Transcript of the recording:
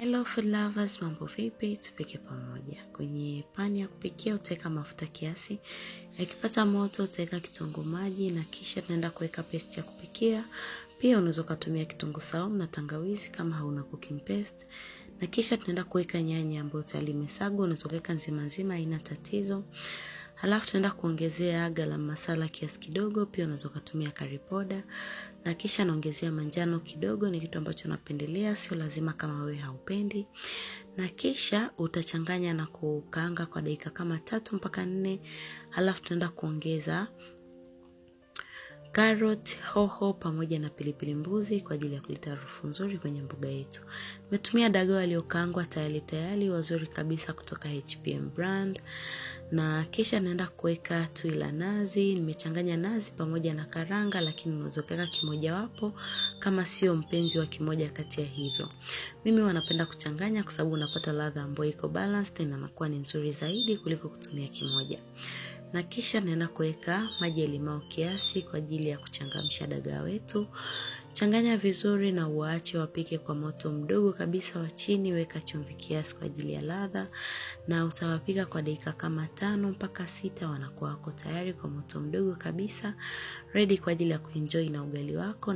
Hello food lovers, mambo vipi? Tupike pamoja. Kwenye pani ya kupikia utaweka mafuta kiasi, yakipata moto utaweka kitunguu maji na kisha tunaenda kuweka paste ya kupikia. Pia unaweza ukatumia kitunguu saumu na tangawizi kama hauna cooking paste, na kisha tunaenda kuweka nyanya ambayo tayari imesagwa. Unaweza kuweka nzima nzima, haina tatizo. Halafu tunaenda kuongezea aga la masala kiasi kidogo, pia unaweza kutumia curry powder, na kisha naongezea manjano kidogo, ni kitu ambacho napendelea, sio lazima kama wewe haupendi. Na kisha utachanganya na kukaanga kwa dakika kama tatu mpaka nne, halafu tunaenda kuongeza karot hoho pamoja na pilipili mbuzi kwa ajili ya kuleta harufu nzuri kwenye mboga yetu. umetumia daga waliokaangwa tayari tayari wazuri kabisa kutoka HPM brand, na kisha naenda kuweka tui la nazi. Nimechanganya nazi pamoja na karanga, lakini unaweza kuweka kimojawapo kama sio mpenzi wa kimoja kati ya hivyo. Mimi wanapenda kuchanganya kwa sababu unapata ladha ambayo iko balanced na nakuwa ni nzuri zaidi kuliko kutumia kimoja na kisha naenda kuweka maji ya limao kiasi kwa ajili ya kuchangamsha dagaa wetu. Changanya vizuri na uache wapike kwa moto mdogo kabisa wa chini. Weka chumvi kiasi kwa ajili ya ladha, na utawapika kwa dakika kama tano mpaka sita. Wanakuwa wako tayari kwa moto mdogo kabisa, ready kwa ajili ya kuenjoy na ugali wako.